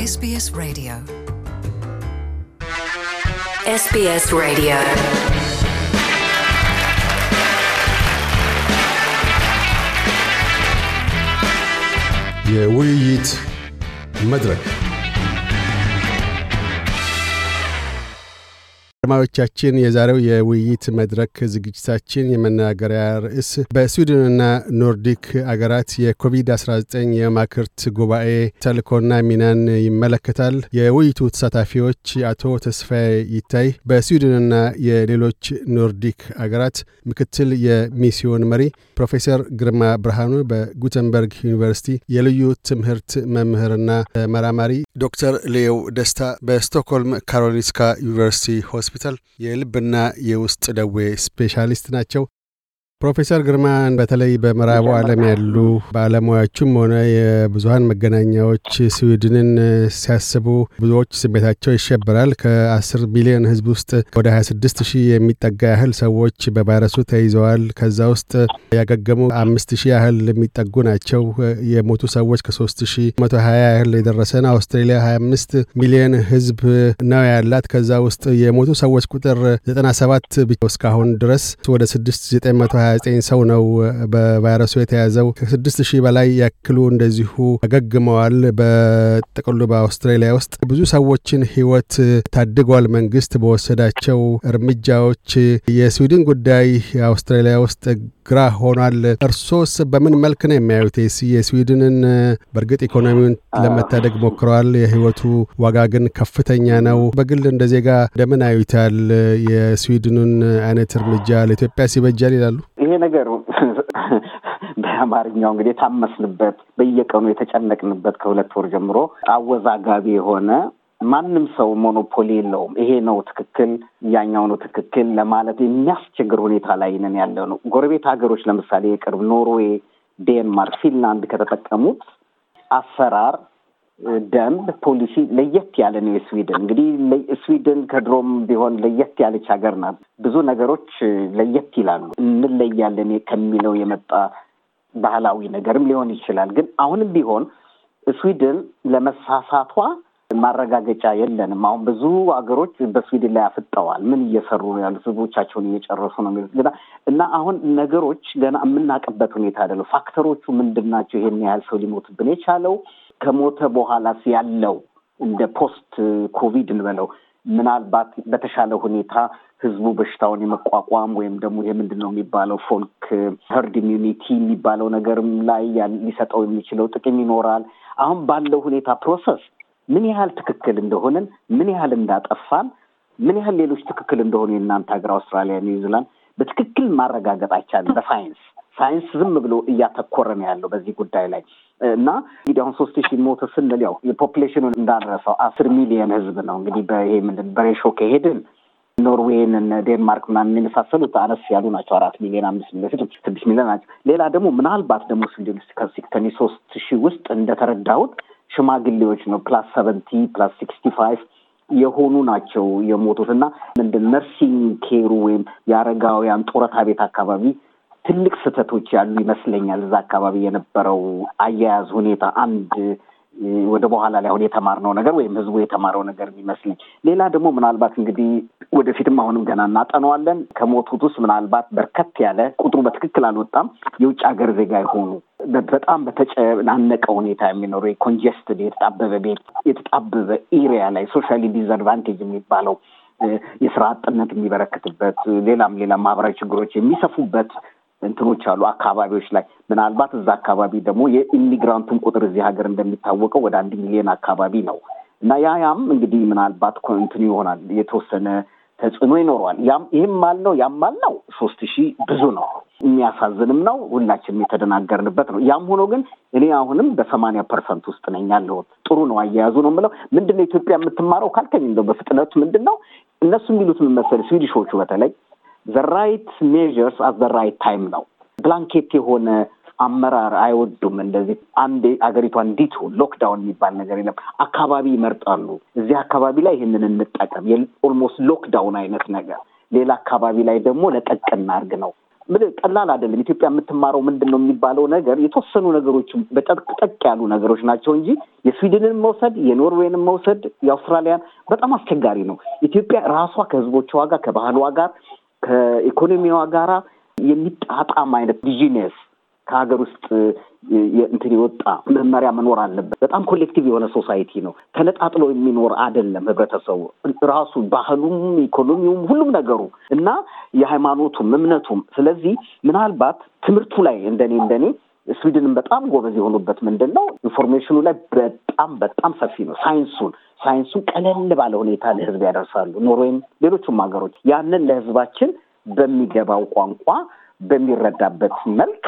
SBS Radio. SBS Radio. Yeah, we eat madrak. አድማጮቻችን፣ የዛሬው የውይይት መድረክ ዝግጅታችን የመናገሪያ ርዕስ በስዊድንና ኖርዲክ አገራት የኮቪድ-19 የማክርት ጉባኤ ተልእኮና ሚናን ይመለከታል። የውይይቱ ተሳታፊዎች አቶ ተስፋዬ ይታይ በስዊድንና የሌሎች ኖርዲክ አገራት ምክትል የሚሲዮን መሪ፣ ፕሮፌሰር ግርማ ብርሃኑ በጉተንበርግ ዩኒቨርሲቲ የልዩ ትምህርት መምህርና ተመራማሪ ዶክተር ሌው ደስታ በስቶክሆልም ካሮሊንስካ ዩኒቨርሲቲ ሆስፒታል የልብና የውስጥ ደዌ ስፔሻሊስት ናቸው። ፕሮፌሰር ግርማን በተለይ በምዕራቡ ዓለም ያሉ ባለሙያዎችም ሆነ የብዙሀን መገናኛዎች ስዊድንን ሲያስቡ ብዙዎች ስሜታቸው ይሸበራል ከአስር ሚሊዮን ህዝብ ውስጥ ወደ 26 ሺህ የሚጠጋ ያህል ሰዎች በቫይረሱ ተይዘዋል። ከዛ ውስጥ ያገገሙ አምስት ሺህ ያህል የሚጠጉ ናቸው። የሞቱ ሰዎች መቶ ሀያ ያህል የደረሰ አውስትሬሊያ ሀያ 25 ሚሊዮን ህዝብ ነው ያላት። ከዛ ውስጥ የሞቱ ሰዎች ቁጥር 97 እስካሁን ድረስ ወደ መቶ 29 ሰው ነው በቫይረሱ የተያዘው። ከስድስት ሺህ በላይ ያክሉ እንደዚሁ አገግመዋል። በጥቅሉ በአውስትራሊያ ውስጥ ብዙ ሰዎችን ህይወት ታድጓል መንግስት በወሰዳቸው እርምጃዎች። የስዊድን ጉዳይ አውስትራሊያ ውስጥ ግራ ሆኗል። እርሶስ በምን መልክ ነው የሚያዩት? የስዊድንን በእርግጥ ኢኮኖሚውን ለመታደግ ሞክረዋል። የህይወቱ ዋጋ ግን ከፍተኛ ነው። በግል እንደ ዜጋ እንደምን አዩታል? የስዊድኑን አይነት እርምጃ ለኢትዮጵያ ሲበጃል ይላሉ? ይሄ ነገር በአማርኛው እንግዲህ የታመስንበት በየቀኑ የተጨነቅንበት ከሁለት ወር ጀምሮ አወዛጋቢ የሆነ ማንም ሰው ሞኖፖሊ የለውም። ይሄ ነው ትክክል፣ ያኛው ነው ትክክል ለማለት የሚያስቸግር ሁኔታ ላይ ነን ያለ ነው። ጎረቤት ሀገሮች ለምሳሌ የቅርብ ኖርዌይ፣ ዴንማርክ፣ ፊንላንድ ከተጠቀሙት አሰራር ደንብ ፖሊሲ ለየት ያለ ነው። የስዊድን እንግዲህ ስዊድን ከድሮም ቢሆን ለየት ያለች ሀገር ናት። ብዙ ነገሮች ለየት ይላሉ። እንለያለን ከሚለው የመጣ ባህላዊ ነገርም ሊሆን ይችላል። ግን አሁንም ቢሆን ስዊድን ለመሳሳቷ ማረጋገጫ የለንም። አሁን ብዙ ሀገሮች በስዊድን ላይ አፍጠዋል። ምን እየሰሩ ነው ያሉት? ህዝቦቻቸውን እየጨረሱ ነው የሚሉት ግና እና አሁን ነገሮች ገና የምናውቅበት ሁኔታ አይደለም። ፋክተሮቹ ምንድን ናቸው? ይሄን ያህል ሰው ሊሞትብን የቻለው ከሞተ በኋላስ ያለው እንደ ፖስት ኮቪድ እንበለው ምናልባት በተሻለ ሁኔታ ህዝቡ በሽታውን የመቋቋም ወይም ደግሞ ይሄ ምንድን ነው የሚባለው ፎልክ ሄርድ ኢሚኒቲ የሚባለው ነገርም ላይ ሊሰጠው የሚችለው ጥቅም ይኖራል። አሁን ባለው ሁኔታ ፕሮሰስ ምን ያህል ትክክል እንደሆነን፣ ምን ያህል እንዳጠፋን፣ ምን ያህል ሌሎች ትክክል እንደሆኑ የእናንተ ሀገር አውስትራሊያ፣ ኒውዚላንድ በትክክል ማረጋገጥ አይቻልም በሳይንስ ሳይንስ ዝም ብሎ እያተኮረ ነው ያለው በዚህ ጉዳይ ላይ እና እንግዲህ አሁን ሶስት ሺህ ሞተ ስንል ያው የፖፕሌሽኑን እንዳንረሳው አስር ሚሊየን ህዝብ ነው እንግዲህ በይሄ ምንድን በሬሾ ከሄድን ኖርዌይን ዴንማርክ ምናምን የመሳሰሉት አነስ ያሉ ናቸው። አራት ሚሊዮን አምስት ሚሊዮን ስድስት ሚሊዮን ናቸው። ሌላ ደግሞ ምናልባት ደግሞ ስንዴ ውስጥ ከሴክተኒ ሶስት ሺህ ውስጥ እንደተረዳሁት ሽማግሌዎች ነው። ፕላስ ሰቨንቲ ፕላስ ሲክስቲ ፋይቭ የሆኑ ናቸው የሞቱት እና ምንድን ነርሲንግ ኬሩ ወይም የአረጋውያን ጡረታ ቤት አካባቢ ትልቅ ስህተቶች ያሉ ይመስለኛል። እዛ አካባቢ የነበረው አያያዝ ሁኔታ አንድ ወደ በኋላ ላይ አሁን የተማርነው ነገር ወይም ህዝቡ የተማረው ነገር ይመስለኝ። ሌላ ደግሞ ምናልባት እንግዲህ ወደፊትም አሁንም ገና እናጠነዋለን። ከሞቱት ውስጥ ምናልባት በርከት ያለ ቁጥሩ በትክክል አልወጣም የውጭ ሀገር ዜጋ የሆኑ በጣም በተጨናነቀ ሁኔታ የሚኖሩ የኮንጀስትድ የተጣበበ ቤት የተጣበበ ኤሪያ ላይ ሶሻሊ ዲስአድቫንቴጅ የሚባለው የስራ አጥነት የሚበረክትበት ሌላም ሌላም ማህበራዊ ችግሮች የሚሰፉበት እንትኖች አሉ አካባቢዎች ላይ ምናልባት እዛ አካባቢ ደግሞ የኢሚግራንቱን ቁጥር እዚህ ሀገር እንደሚታወቀው ወደ አንድ ሚሊዮን አካባቢ ነው እና ያ ያም እንግዲህ ምናልባት እንትኑ ይሆናል የተወሰነ ተጽዕኖ ይኖረዋል። ይህም ማል ነው ያም ማል ነው። ሶስት ሺህ ብዙ ነው፣ የሚያሳዝንም ነው። ሁላችንም የተደናገርንበት ነው። ያም ሆኖ ግን እኔ አሁንም በሰማንያ ፐርሰንት ውስጥ ነኝ ያለሁት። ጥሩ ነው አያያዙ ነው የምለው። ምንድን ነው ኢትዮጵያ የምትማረው ካልከኝ እንደው በፍጥነቱ ምንድን ነው እነሱ የሚሉት ምን መሰለህ፣ ስዊዲሾቹ በተለይ ዘ ራይት ሜዥርስ አት ዘ ራይት ታይም ነው። ብላንኬት የሆነ አመራር አይወዱም። እንደዚህ አንዴ አገሪቷ እንዲቱ ሎክዳውን የሚባል ነገር የለም። አካባቢ ይመርጣሉ። እዚህ አካባቢ ላይ ይህንን እንጠቀም፣ ኦልሞስት ሎክዳውን አይነት ነገር፣ ሌላ አካባቢ ላይ ደግሞ ለቀቅ እናድርግ ነው። ቀላል አይደለም። ኢትዮጵያ የምትማረው ምንድን ነው የሚባለው ነገር የተወሰኑ ነገሮች በጠቅጠቅ ያሉ ነገሮች ናቸው እንጂ የስዊድንን መውሰድ የኖርዌይን መውሰድ የአውስትራሊያን በጣም አስቸጋሪ ነው። ኢትዮጵያ ራሷ ከህዝቦቿ ጋር ከባህሏ ጋር ከኢኮኖሚዋ ጋራ የሚጣጣም አይነት ቢዝነስ ከሀገር ውስጥ እንትን የወጣ መመሪያ መኖር አለበት። በጣም ኮሌክቲቭ የሆነ ሶሳይቲ ነው። ተነጣጥሎ የሚኖር አይደለም ህብረተሰቡ ራሱ ባህሉም፣ ኢኮኖሚውም፣ ሁሉም ነገሩ እና የሃይማኖቱም እምነቱም። ስለዚህ ምናልባት ትምህርቱ ላይ እንደኔ እንደኔ ስዊድንን በጣም ጎበዝ የሆኑበት ምንድን ነው ኢንፎርሜሽኑ ላይ በጣም በጣም ሰፊ ነው። ሳይንሱን ሳይንሱን ቀለል ባለ ሁኔታ ለህዝብ ያደርሳሉ። ኖርዌይም ሌሎቹም ሀገሮች ያንን ለህዝባችን በሚገባው ቋንቋ በሚረዳበት መልክ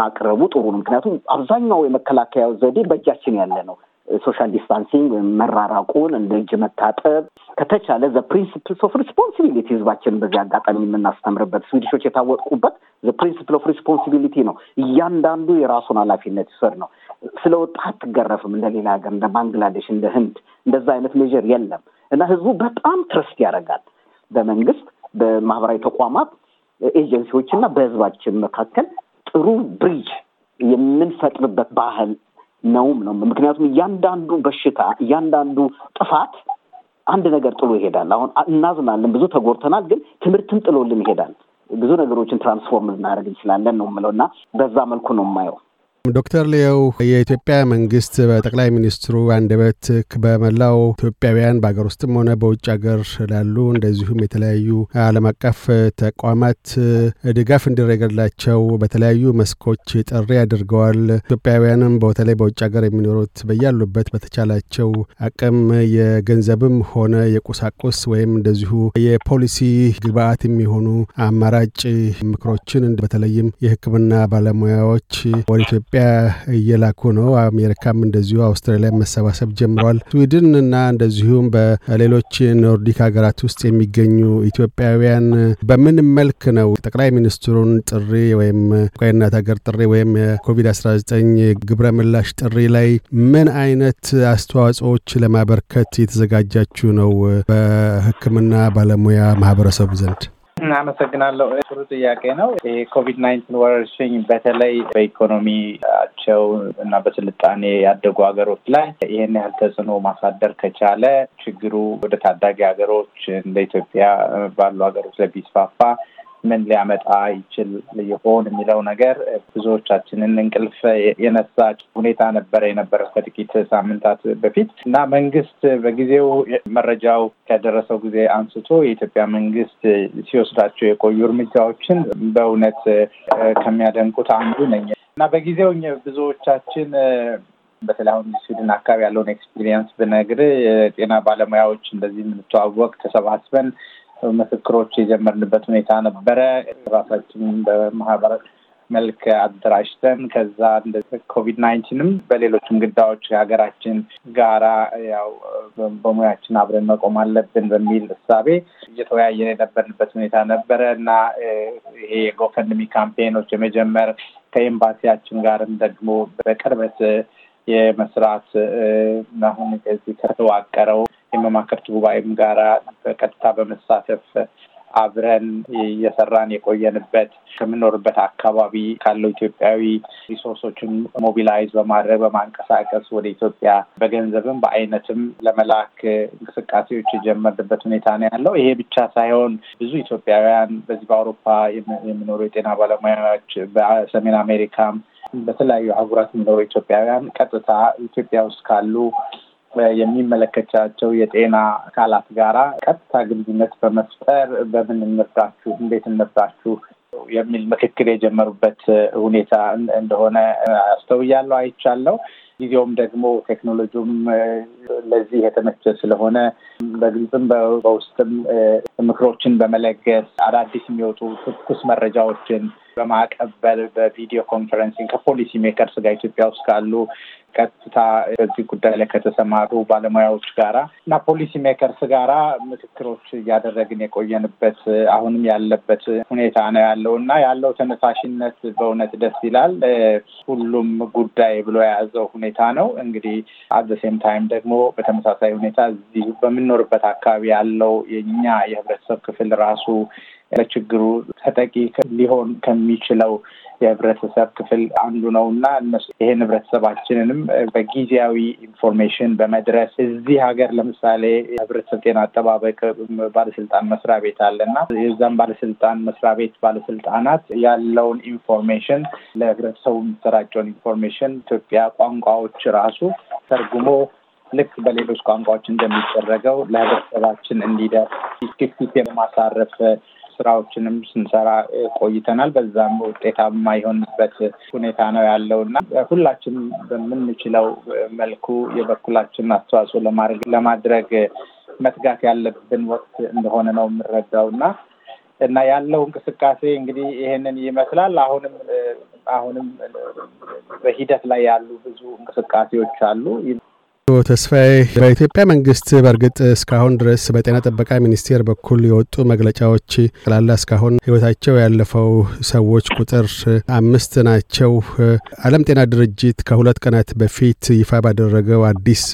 ማቅረቡ ጥሩ ነው። ምክንያቱም አብዛኛው የመከላከያው ዘዴ በእጃችን ያለ ነው። ሶሻል ዲስታንሲንግ ወይም መራራቁን እንደ እጅ መታጠብ ከተቻለ ዘ ፕሪንስፕል ኦፍ ሪስፖንሲቢሊቲ ህዝባችንን በዚህ አጋጣሚ የምናስተምርበት ስዊድሾች የታወቁበት ዘ ፕሪንስፕል ኦፍ ሪስፖንሲቢሊቲ ነው። እያንዳንዱ የራሱን ኃላፊነት ይውሰድ ነው። ስለ ወጣት አትገረፍም። እንደ ሌላ ሀገር እንደ ባንግላዴሽ፣ እንደ ህንድ እንደዛ አይነት ሜዥር የለም እና ህዝቡ በጣም ትረስት ያደርጋል በመንግስት በማህበራዊ ተቋማት ኤጀንሲዎች እና በህዝባችን መካከል ጥሩ ብሪጅ የምንፈጥርበት ባህል ነውም ነው። ምክንያቱም እያንዳንዱ በሽታ እያንዳንዱ ጥፋት አንድ ነገር ጥሎ ይሄዳል። አሁን እናዝናለን፣ ብዙ ተጎርተናል ግን ትምህርትም ጥሎልን ይሄዳል። ብዙ ነገሮችን ትራንስፎርም ልናደርግ እንችላለን ነው የምለው እና በዛ መልኩ ነው የማየው። ዶክተር ሌው የኢትዮጵያ መንግስት በጠቅላይ ሚኒስትሩ አንደበት በመላው ኢትዮጵያውያን በሀገር ውስጥም ሆነ በውጭ ሀገር ላሉ እንደዚሁም የተለያዩ ዓለም አቀፍ ተቋማት ድጋፍ እንዲረገላቸው በተለያዩ መስኮች ጥሪ አድርገዋል። ኢትዮጵያውያንም በተለይ በውጭ ሀገር የሚኖሩት በያሉበት በተቻላቸው አቅም የገንዘብም ሆነ የቁሳቁስ ወይም እንደዚሁ የፖሊሲ ግብአት የሚሆኑ አማራጭ ምክሮችን በተለይም የሕክምና ባለሙያዎች ወደ ኢትዮጵያ እየላኩ ነው። አሜሪካም እንደዚሁ አውስትራሊያ መሰባሰብ ጀምረዋል። ስዊድን እና እንደዚሁም በሌሎች ኖርዲክ ሀገራት ውስጥ የሚገኙ ኢትዮጵያውያን በምን መልክ ነው ጠቅላይ ሚኒስትሩን ጥሪ ወይም ኳይናት ሀገር ጥሪ ወይም የኮቪድ-19 ግብረ ምላሽ ጥሪ ላይ ምን አይነት አስተዋጽኦዎች ለማበርከት የተዘጋጃችሁ ነው በሕክምና ባለሙያ ማህበረሰቡ ዘንድ? አመሰግናለሁ። ጥሩ ጥያቄ ነው። የኮቪድ ናይንቲን ወረርሽኝ በተለይ በኢኮኖሚያቸው እና በስልጣኔ ያደጉ ሀገሮች ላይ ይህን ያህል ተጽዕኖ ማሳደር ከቻለ ችግሩ ወደ ታዳጊ ሀገሮች እንደ ኢትዮጵያ ባሉ ሀገሮች ላይ ቢስፋፋ ምን ሊያመጣ ይችል ይሆን የሚለው ነገር ብዙዎቻችንን እንቅልፍ የነሳ ሁኔታ ነበረ የነበረ ከጥቂት ሳምንታት በፊት እና መንግስት በጊዜው መረጃው ከደረሰው ጊዜ አንስቶ የኢትዮጵያ መንግስት ሲወስዳቸው የቆዩ እርምጃዎችን በእውነት ከሚያደንቁት አንዱ ነኝ እና በጊዜው ብዙዎቻችን በተለይ አሁን ስዊድን አካባቢ ያለውን ኤክስፒሪየንስ ብነግር የጤና ባለሙያዎች እንደዚህ የምንተዋወቅ ተሰባስበን ምስክሮች የጀመርንበት ሁኔታ ነበረ። ራሳችን በማህበር መልክ አደራጅተን ከዛ እንደ ኮቪድ ናይንቲንም በሌሎችም ግዳዎች ሀገራችን ጋራ ያው በሙያችን አብረን መቆም አለብን በሚል እሳቤ እየተወያየን የነበርንበት ሁኔታ ነበረ እና ይሄ የጎፈንድሚ ካምፔኖች የመጀመር ከኤምባሲያችን ጋርም ደግሞ በቅርበት የመስራት አሁን ከዚህ ከተዋቀረው የመማክርት ጉባኤም ጋራ በቀጥታ በመሳተፍ አብረን እየሰራን የቆየንበት ከምኖርበት አካባቢ ካለው ኢትዮጵያዊ ሪሶርሶችን ሞቢላይዝ በማድረግ በማንቀሳቀስ ወደ ኢትዮጵያ በገንዘብም በአይነትም ለመላክ እንቅስቃሴዎች የጀመርንበት ሁኔታ ነው ያለው። ይሄ ብቻ ሳይሆን ብዙ ኢትዮጵያውያን በዚህ በአውሮፓ የሚኖሩ የጤና ባለሙያዎች በሰሜን አሜሪካም በተለያዩ አህጉራት የሚኖሩ ኢትዮጵያውያን ቀጥታ ኢትዮጵያ ውስጥ ካሉ የሚመለከቻቸው የጤና አካላት ጋራ ቀጥታ ግንኙነት በመፍጠር በምን እንርዳችሁ፣ እንዴት እንርዳችሁ የሚል ምክክር የጀመሩበት ሁኔታ እንደሆነ አስተውያለሁ፣ አይቻለሁ። ጊዜውም ደግሞ ቴክኖሎጂውም ለዚህ የተመቸ ስለሆነ በግልጽም በውስጥም ምክሮችን በመለገስ አዳዲስ የሚወጡ ትኩስ መረጃዎችን በማቀበል በቪዲዮ ኮንፈረንሲንግ ከፖሊሲ ሜከርስ ጋር ኢትዮጵያ ውስጥ ካሉ ቀጥታ በዚህ ጉዳይ ላይ ከተሰማሩ ባለሙያዎች ጋራ እና ፖሊሲ ሜከርስ ጋራ ምክክሮች እያደረግን የቆየንበት አሁንም ያለበት ሁኔታ ነው ያለው እና ያለው ተነሳሽነት በእውነት ደስ ይላል። ሁሉም ጉዳይ ብሎ የያዘው ሁኔታ ነው። እንግዲህ አት ሴም ታይም ደግሞ በተመሳሳይ ሁኔታ እዚህ በምንኖርበት አካባቢ ያለው የኛ የህብረተሰብ ክፍል ራሱ ለችግሩ ተጠቂ ሊሆን ከሚችለው የህብረተሰብ ክፍል አንዱ ነው እና እነሱ ይሄን ህብረተሰባችንንም በጊዜያዊ ኢንፎርሜሽን በመድረስ እዚህ ሀገር ለምሳሌ የህብረተሰብ ጤና አጠባበቅ ባለስልጣን መስሪያ ቤት አለ እና የዛም ባለስልጣን መስሪያ ቤት ባለስልጣናት ያለውን ኢንፎርሜሽን ለህብረተሰቡ የሚሰራጨውን ኢንፎርሜሽን ኢትዮጵያ ቋንቋዎች ራሱ ተርጉሞ ልክ በሌሎች ቋንቋዎች እንደሚደረገው ለህብረተሰባችን እንዲደርስ ክፍት የማሳረፍ ስራዎችንም ስንሰራ ቆይተናል። በዛም ውጤታማ የሆንበት ሁኔታ ነው ያለው እና ሁላችን በምንችለው መልኩ የበኩላችን አስተዋጽኦ ለማድረግ መትጋት ያለብን ወቅት እንደሆነ ነው የምንረዳው እና እና ያለው እንቅስቃሴ እንግዲህ ይሄንን ይመስላል። አሁንም አሁንም በሂደት ላይ ያሉ ብዙ እንቅስቃሴዎች አሉ። ተስፋዬ በኢትዮጵያ መንግስት በእርግጥ እስካሁን ድረስ በጤና ጥበቃ ሚኒስቴር በኩል የወጡ መግለጫዎች ጠቅላላ እስካሁን ህይወታቸው ያለፈው ሰዎች ቁጥር አምስት ናቸው። ዓለም ጤና ድርጅት ከሁለት ቀናት በፊት ይፋ ባደረገው አዲስ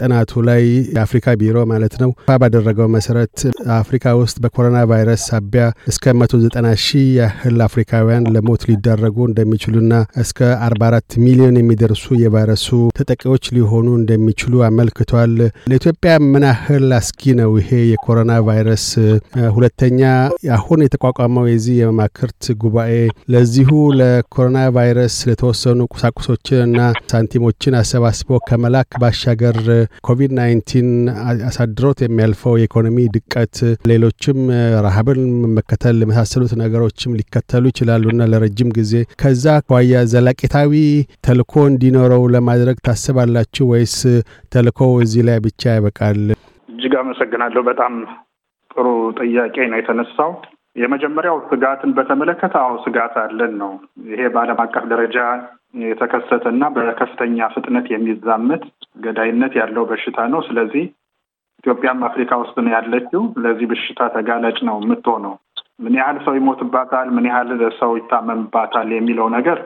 ጥናቱ ላይ የአፍሪካ ቢሮ ማለት ነው ይፋ ባደረገው መሰረት አፍሪካ ውስጥ በኮሮና ቫይረስ ሳቢያ እስከ መቶ ዘጠና ሺህ ያህል አፍሪካውያን ለሞት ሊዳረጉ እንደሚችሉና እስከ አርባ አራት ሚሊዮን የሚደርሱ የቫይረሱ ተጠቂዎች ሊሆኑ እንደሚ እንደሚችሉ አመልክቷል። ለኢትዮጵያ ምን ያህል አስጊ ነው ይሄ የኮሮና ቫይረስ? ሁለተኛ አሁን የተቋቋመው የዚህ የመማክርት ጉባኤ ለዚሁ ለኮሮና ቫይረስ ለተወሰኑ ቁሳቁሶችን እና ሳንቲሞችን አሰባስቦ ከመላክ ባሻገር ኮቪድ 19 አሳድሮት የሚያልፈው የኢኮኖሚ ድቀት፣ ሌሎችም ረሃብን መከተል የመሳሰሉት ነገሮችም ሊከተሉ ይችላሉና ለረጅም ጊዜ ከዛ አኳያ ዘላቂታዊ ተልእኮ እንዲኖረው ለማድረግ ታስባላችሁ ወይስ ተልእኮ እዚህ ላይ ብቻ ያበቃል? እጅግ አመሰግናለሁ። በጣም ጥሩ ጥያቄ ነው የተነሳው። የመጀመሪያው ስጋትን በተመለከተ አዎ ስጋት አለን ነው። ይሄ በዓለም አቀፍ ደረጃ የተከሰተ እና በከፍተኛ ፍጥነት የሚዛመት ገዳይነት ያለው በሽታ ነው። ስለዚህ ኢትዮጵያም አፍሪካ ውስጥ ነው ያለችው። ለዚህ በሽታ ተጋላጭ ነው የምትሆነው። ምን ያህል ሰው ይሞትባታል፣ ምን ያህል ሰው ይታመምባታል የሚለው ነገር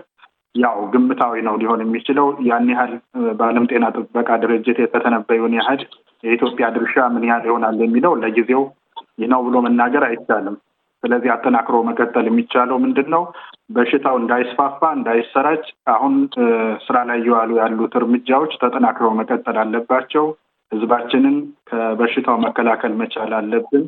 ያው ግምታዊ ነው ሊሆን የሚችለው ያን ያህል በዓለም ጤና ጥበቃ ድርጅት የተተነበየውን ያህል የኢትዮጵያ ድርሻ ምን ያህል ይሆናል የሚለው ለጊዜው ይህ ነው ብሎ መናገር አይቻልም። ስለዚህ አጠናክሮ መቀጠል የሚቻለው ምንድን ነው? በሽታው እንዳይስፋፋ እንዳይሰራጭ፣ አሁን ስራ ላይ የዋሉ ያሉት እርምጃዎች ተጠናክሮ መቀጠል አለባቸው። ህዝባችንን ከበሽታው መከላከል መቻል አለብን።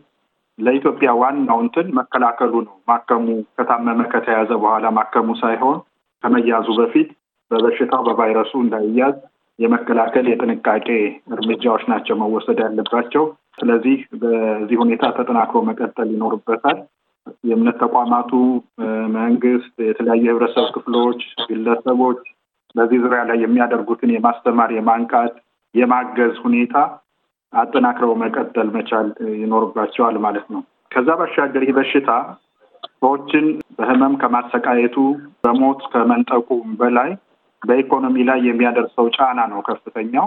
ለኢትዮጵያ ዋናው እንትን መከላከሉ ነው። ማከሙ ከታመመ ከተያዘ በኋላ ማከሙ ሳይሆን ከመያዙ በፊት በበሽታው በቫይረሱ እንዳይያዝ የመከላከል የጥንቃቄ እርምጃዎች ናቸው መወሰድ ያለባቸው። ስለዚህ በዚህ ሁኔታ ተጠናክሮ መቀጠል ይኖርበታል። የእምነት ተቋማቱ፣ መንግስት፣ የተለያዩ የህብረተሰብ ክፍሎች፣ ግለሰቦች በዚህ ዙሪያ ላይ የሚያደርጉትን የማስተማር የማንቃት፣ የማገዝ ሁኔታ አጠናክረው መቀጠል መቻል ይኖርባቸዋል ማለት ነው። ከዛ ባሻገር ይህ በሽታ ሰዎችን በህመም ከማሰቃየቱ በሞት ከመንጠቁ በላይ በኢኮኖሚ ላይ የሚያደርሰው ጫና ነው ከፍተኛው።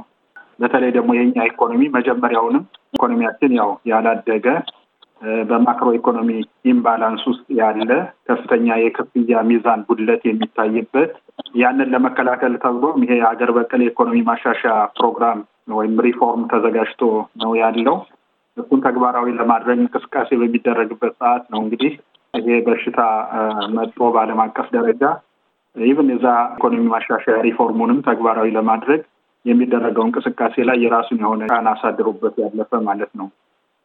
በተለይ ደግሞ የኛ ኢኮኖሚ መጀመሪያውንም ኢኮኖሚያችን ያው ያላደገ በማክሮ ኢኮኖሚ ኢምባላንስ ውስጥ ያለ ከፍተኛ የክፍያ ሚዛን ጉድለት የሚታይበት ያንን ለመከላከል ተብሎም ይሄ የሀገር በቀል የኢኮኖሚ ማሻሻያ ፕሮግራም ወይም ሪፎርም ተዘጋጅቶ ነው ያለው። እሱን ተግባራዊ ለማድረግ እንቅስቃሴ በሚደረግበት ሰዓት ነው እንግዲህ ይሄ በሽታ መጥቶ በዓለም አቀፍ ደረጃ ኢቨን የዛ ኢኮኖሚ ማሻሻያ ሪፎርሙንም ተግባራዊ ለማድረግ የሚደረገው እንቅስቃሴ ላይ የራሱን የሆነ ጫና አሳድሮበት ያለፈ ማለት ነው።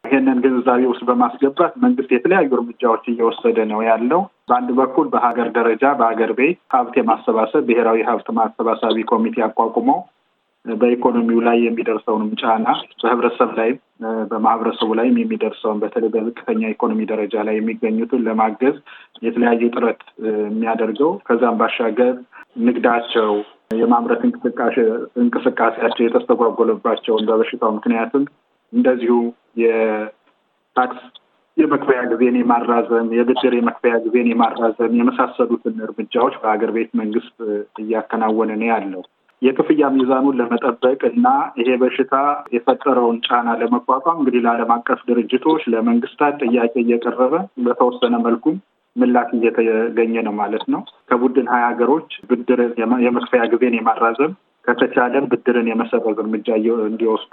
ይሄንን ግንዛቤ ውስጥ በማስገባት መንግስት የተለያዩ እርምጃዎች እየወሰደ ነው ያለው። በአንድ በኩል በሀገር ደረጃ በሀገር ቤት ሀብት የማሰባሰብ ብሔራዊ ሀብት ማሰባሰቢ ኮሚቴ አቋቁሞ በኢኮኖሚው ላይ የሚደርሰውንም ጫና በህብረተሰብ ላይ በማህበረሰቡ ላይም የሚደርሰውን በተለይ በዝቅተኛ ኢኮኖሚ ደረጃ ላይ የሚገኙትን ለማገዝ የተለያየ ጥረት የሚያደርገው ከዛም ባሻገር ንግዳቸው የማምረት እንቅስቃሴ እንቅስቃሴያቸው የተስተጓጎለባቸውን በበሽታው ምክንያትም እንደዚሁ የታክስ የመክፈያ ጊዜን የማራዘም የብድር የመክፈያ ጊዜን የማራዘም የመሳሰሉትን እርምጃዎች በሀገር ቤት መንግስት እያከናወነ ነው ያለው። የክፍያ ሚዛኑን ለመጠበቅ እና ይሄ በሽታ የፈጠረውን ጫና ለመቋቋም እንግዲህ ለዓለም አቀፍ ድርጅቶች፣ ለመንግስታት ጥያቄ እየቀረበ በተወሰነ መልኩም ምላሽ እየተገኘ ነው ማለት ነው። ከቡድን ሀያ ሀገሮች ብድር የመክፈያ ጊዜን የማራዘም ከተቻለም ብድርን የመሰረዝ እርምጃ እንዲወስዱ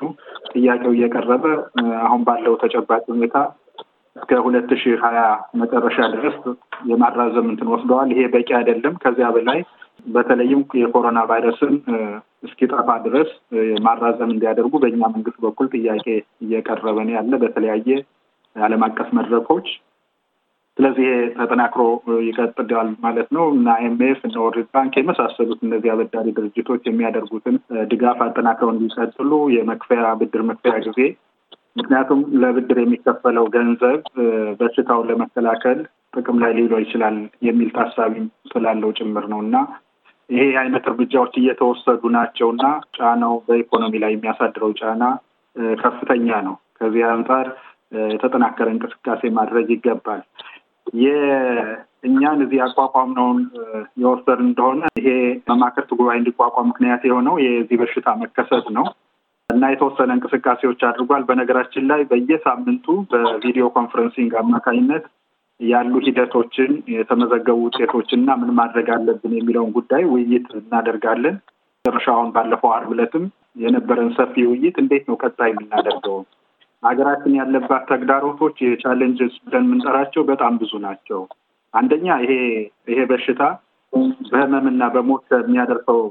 ጥያቄው እየቀረበ አሁን ባለው ተጨባጭ ሁኔታ እስከ ሁለት ሺህ ሀያ መጨረሻ ድረስ የማራዘም እንትን ወስደዋል። ይሄ በቂ አይደለም። ከዚያ በላይ በተለይም የኮሮና ቫይረስን እስኪጠፋ ድረስ ማራዘም እንዲያደርጉ በእኛ መንግስት በኩል ጥያቄ እየቀረበ ነው ያለ በተለያየ ዓለም አቀፍ መድረኮች። ስለዚህ ተጠናክሮ ይቀጥላል ማለት ነው እና ኤምኤፍ እና ወርልድ ባንክ የመሳሰሉት እነዚህ አበዳሪ ድርጅቶች የሚያደርጉትን ድጋፍ አጠናክረው እንዲቀጥሉ የመክፈያ ብድር መክፈያ ጊዜ ምክንያቱም ለብድር የሚከፈለው ገንዘብ በሽታውን ለመከላከል ጥቅም ላይ ሊውለው ይችላል የሚል ታሳቢ ስላለው ጭምር ነው እና ይሄ አይነት እርምጃዎች እየተወሰዱ ናቸው እና ጫናው በኢኮኖሚ ላይ የሚያሳድረው ጫና ከፍተኛ ነው። ከዚህ አንጻር የተጠናከረ እንቅስቃሴ ማድረግ ይገባል። የእኛን እዚህ ነውን የወሰድ እንደሆነ ይሄ መማክርት ጉባኤ እንዲቋቋም ምክንያት የሆነው የዚህ በሽታ መከሰት ነው እና የተወሰነ እንቅስቃሴዎች አድርጓል። በነገራችን ላይ በየሳምንቱ በቪዲዮ ኮንፈረንሲንግ አማካኝነት ያሉ ሂደቶችን የተመዘገቡ እና ምን ማድረግ አለብን የሚለውን ጉዳይ ውይይት እናደርጋለን። መጨረሻውን ባለፈው አርብ ዕለትም የነበረን ሰፊ ውይይት እንዴት ነው ቀጣይ የምናደርገው ሀገራችን ያለባት ተግዳሮቶች የቻሌንጅስ ብለን የምንጠራቸው በጣም ብዙ ናቸው። አንደኛ ይሄ ይሄ በሽታ በህመምና በሞት የሚያደርሰው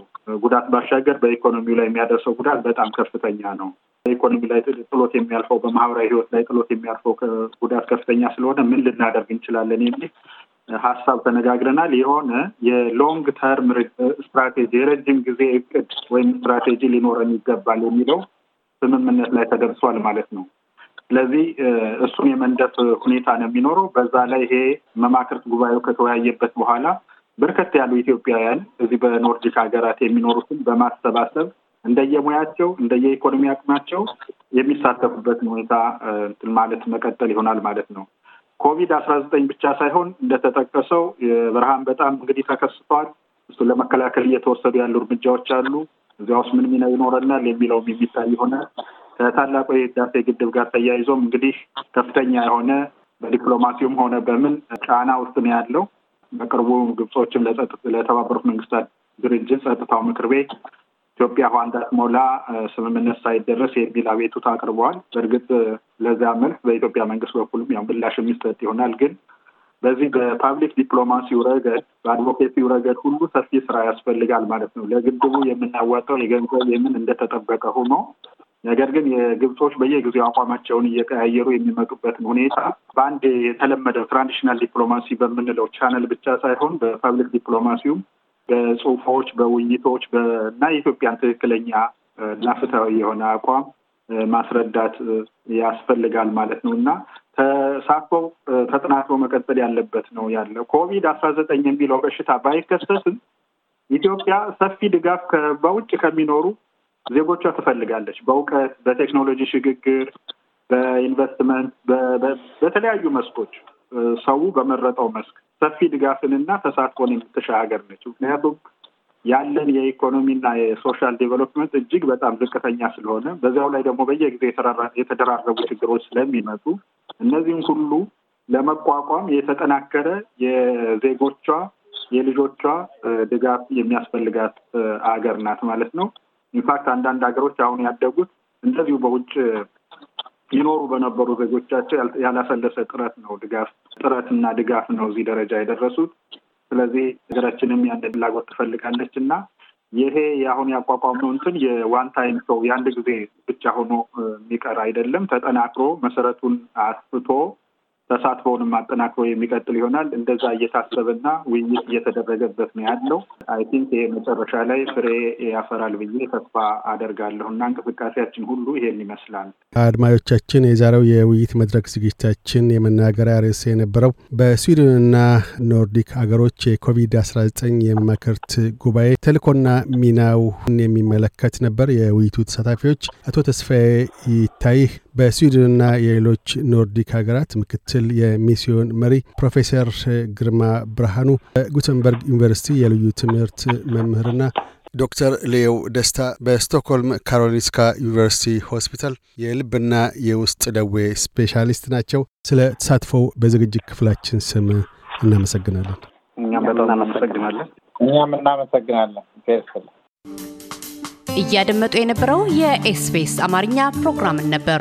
ጉዳት ባሻገር በኢኮኖሚው ላይ የሚያደርሰው ጉዳት በጣም ከፍተኛ ነው። ኢኮኖሚ ላይ ጥሎት የሚያልፈው በማህበራዊ ህይወት ላይ ጥሎት የሚያልፈው ጉዳት ከፍተኛ ስለሆነ ምን ልናደርግ እንችላለን የሚል ሀሳብ ተነጋግረናል። የሆነ የሎንግ ተርም ስትራቴጂ የረጅም ጊዜ እቅድ ወይም ስትራቴጂ ሊኖረን ይገባል የሚለው ስምምነት ላይ ተደርሷል ማለት ነው። ስለዚህ እሱን የመንደፍ ሁኔታ ነው የሚኖረው። በዛ ላይ ይሄ መማክርት ጉባኤው ከተወያየበት በኋላ በርከት ያሉ ኢትዮጵያውያን እዚህ በኖርዲክ ሀገራት የሚኖሩትን በማሰባሰብ እንደየሙያቸው እንደየኢኮኖሚ አቅማቸው የሚሳተፉበትን ሁኔታ ማለት መቀጠል ይሆናል ማለት ነው። ኮቪድ አስራ ዘጠኝ ብቻ ሳይሆን እንደተጠቀሰው የበረሃን በጣም እንግዲህ ተከስቷል። እሱን ለመከላከል እየተወሰዱ ያሉ እርምጃዎች አሉ። እዚያ ውስጥ ምን ሚና ይኖረናል የሚለውም የሚታይ ሆነ። ከታላቁ የህዳሴ ግድብ ጋር ተያይዞም እንግዲህ ከፍተኛ የሆነ በዲፕሎማሲውም ሆነ በምን ጫና ውስጥ ነው ያለው። በቅርቡ ግብጾችም ለተባበሩት መንግስታት ድርጅት ጸጥታው ምክር ቤት ኢትዮጵያ ውሃ እንዳትሞላ ስምምነት ሳይደረስ የሚል አቤቱታ አቅርበዋል። በእርግጥ ለዛ መልስ በኢትዮጵያ መንግስት በኩልም ያው ምላሽ የሚሰጥ ይሆናል። ግን በዚህ በፓብሊክ ዲፕሎማሲው ረገድ፣ በአድቮኬሲው ረገድ ሁሉ ሰፊ ስራ ያስፈልጋል ማለት ነው። ለግድቡ የምናዋጣው የገንዘብ የምን እንደተጠበቀ ሆኖ ነገር ግን የግብጾች በየጊዜው አቋማቸውን እየቀያየሩ የሚመጡበትን ሁኔታ በአንድ የተለመደ ትራንዲሽናል ዲፕሎማሲ በምንለው ቻነል ብቻ ሳይሆን በፓብሊክ ዲፕሎማሲውም በጽሁፎች፣ በውይይቶች እና የኢትዮጵያን ትክክለኛ እና ፍትሐዊ የሆነ አቋም ማስረዳት ያስፈልጋል ማለት ነው እና ተሳክቶ ተጠናክሮ መቀጠል ያለበት ነው ያለ ኮቪድ አስራ ዘጠኝ የሚለው በሽታ ባይከሰትም ኢትዮጵያ ሰፊ ድጋፍ በውጭ ከሚኖሩ ዜጎቿ ትፈልጋለች። በእውቀት፣ በቴክኖሎጂ ሽግግር፣ በኢንቨስትመንት፣ በተለያዩ መስኮች ሰው በመረጠው መስክ ሰፊ ድጋፍንና ተሳትፎን የምትሻ ሀገር ነች። ምክንያቱም ያለን የኢኮኖሚና የሶሻል ዴቨሎፕመንት እጅግ በጣም ዝቅተኛ ስለሆነ በዚያው ላይ ደግሞ በየጊዜ የተደራረቡ ችግሮች ስለሚመጡ እነዚህም ሁሉ ለመቋቋም የተጠናከረ የዜጎቿ የልጆቿ ድጋፍ የሚያስፈልጋት ሀገር ናት ማለት ነው። ኢንፋክት አንዳንድ ሀገሮች አሁን ያደጉት እንደዚሁ በውጭ ይኖሩ በነበሩ ዜጎቻቸው ያላሰለሰ ጥረት ነው ድጋፍ እና ድጋፍ ነው እዚህ ደረጃ የደረሱት። ስለዚህ ሀገራችንም ያን ፍላጎት ትፈልጋለች እና ይሄ የአሁን ያቋቋምነው እንትን የዋን ታይም ሰው የአንድ ጊዜ ብቻ ሆኖ የሚቀር አይደለም። ተጠናክሮ መሰረቱን አስፍቶ ተሳትፎውንም አጠናክሮ የሚቀጥል ይሆናል። እንደዛ እየታሰበና ውይይት እየተደረገበት ነው ያለው። አይ ቲንክ ይሄ መጨረሻ ላይ ፍሬ ያፈራል ብዬ ተስፋ አደርጋለሁ እና እንቅስቃሴያችን ሁሉ ይሄን ይመስላል። አድማጮቻችን፣ የዛሬው የውይይት መድረክ ዝግጅታችን የመናገሪያ ርዕስ የነበረው በስዊድንና ኖርዲክ አገሮች የኮቪድ አስራ ዘጠኝ ጉባኤ ተልእኮና ሚናውን የሚመለከት ነበር። የውይይቱ ተሳታፊዎች አቶ ተስፋዬ ይታይህ በስዊድንና የሌሎች ኖርዲክ ሀገራት ምክትል ምክትል የሚሲዮን መሪ ፕሮፌሰር ግርማ ብርሃኑ በጉተንበርግ ዩኒቨርሲቲ የልዩ ትምህርት መምህርና ዶክተር ሌው ደስታ በስቶክሆልም ካሮሊንስካ ዩኒቨርሲቲ ሆስፒታል የልብና የውስጥ ደዌ ስፔሻሊስት ናቸው። ስለ ተሳትፈው በዝግጅት ክፍላችን ስም እናመሰግናለን። እኛም በጣም እናመሰግናለን። እኛም እናመሰግናለን። እያደመጡ የነበረው የኤስቢኤስ አማርኛ ፕሮግራምን ነበር።